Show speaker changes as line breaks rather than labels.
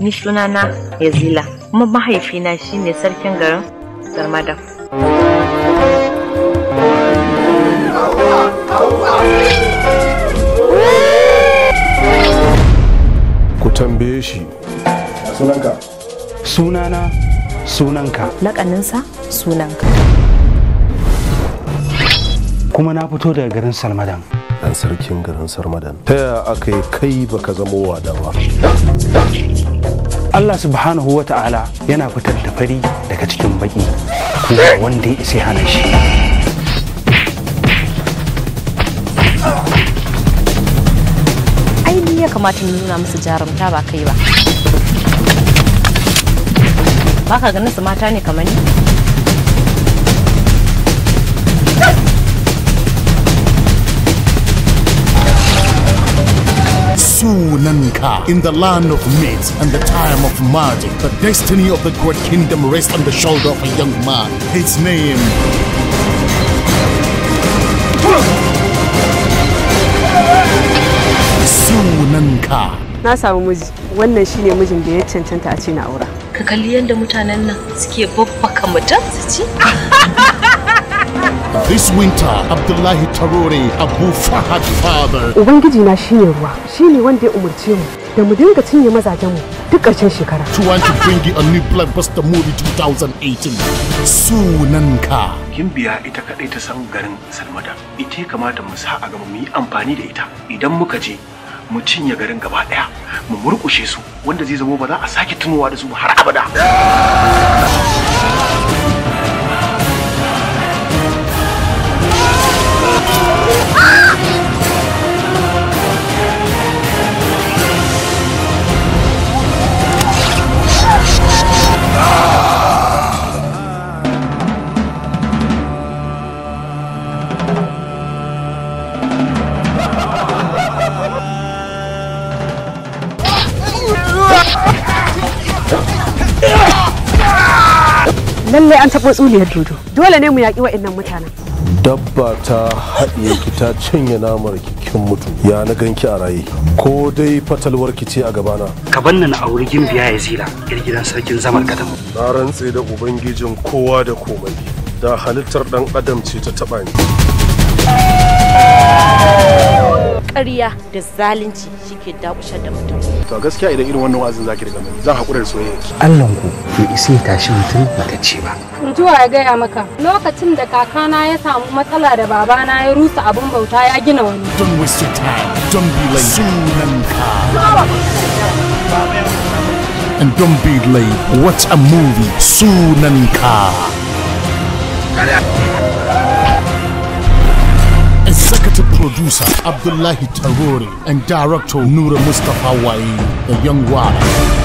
Ni sunana Yazila, kuma mahaifina shine sarkin garin Garmadam. Ku tambaye shi. Sunanka. Sunana sunanka. Lakaninsa sunanka. Kuma na fito daga garin Salmadan. sarkin garin sarmadan ta yaya aka yi kai baka zama wada ba Allah subhanahu wa ta'ala yana fitar da fari daga cikin baki kuma wanda ya isa hana shi ainihi ya kamata mu nuna musu jarumta ba kai ba baka ganin su mata ne kamar ni Sunanka in the land of myths and the time of magic. The destiny of the great kingdom rests on the shoulder of a young man. His name. Sunanka. Na samu miji, wannan shine mijin da ya cancanta a ce na aura. Ka kalli yadda mutanen nan suke babbaka mutum su ci? This winter, Abdullahi Tarore Abu Fahad father. Ubangiji na shine ruwa, shine wanda ya umarce mu da mu dinga cinye mazajen mu duk ƙarshen shekara. To want to bring you a new blockbuster movie 2018. ka. Gimbiya ita kadai ta san garin Salmada. Ita ya kamata mu sa a gaba mu yi amfani da ita. Idan muka je mu cinye garin gaba daya mu murƙushe su wanda zai zama ba za a sake tunowa da su har abada. lallai an taɓo tsuliyar dodo dole ne mu yaƙi wa'annan mutanen dabba ta haɗiye ki ta cinye namar kikin mutu ya na ganki a raye ko dai fatalwar ki ce a gabana ka banna na auri gimbiya ya zira girgidan sarkin zamar kadam na rantse da ubangijin kowa da komai da halittar dan adam ce ta taɓa ni ƙarya da zalunci shike dakushar da mutum. To gaskiya idan irin wannan wazin zaki daga mani zan haƙura da soyayya. Allah ku bai isa ya tashi mutum mata ce ba. Rujuwa ya gaya maka lokacin da kakana ya samu matsala da babana ya rusa abun bauta ya gina wani. Don waste time. don be late. Sunanka. And don't be late. What a movie. Sunanka. producer Abdullahi Tarore and director Nura Mustafa Wai, the young wife.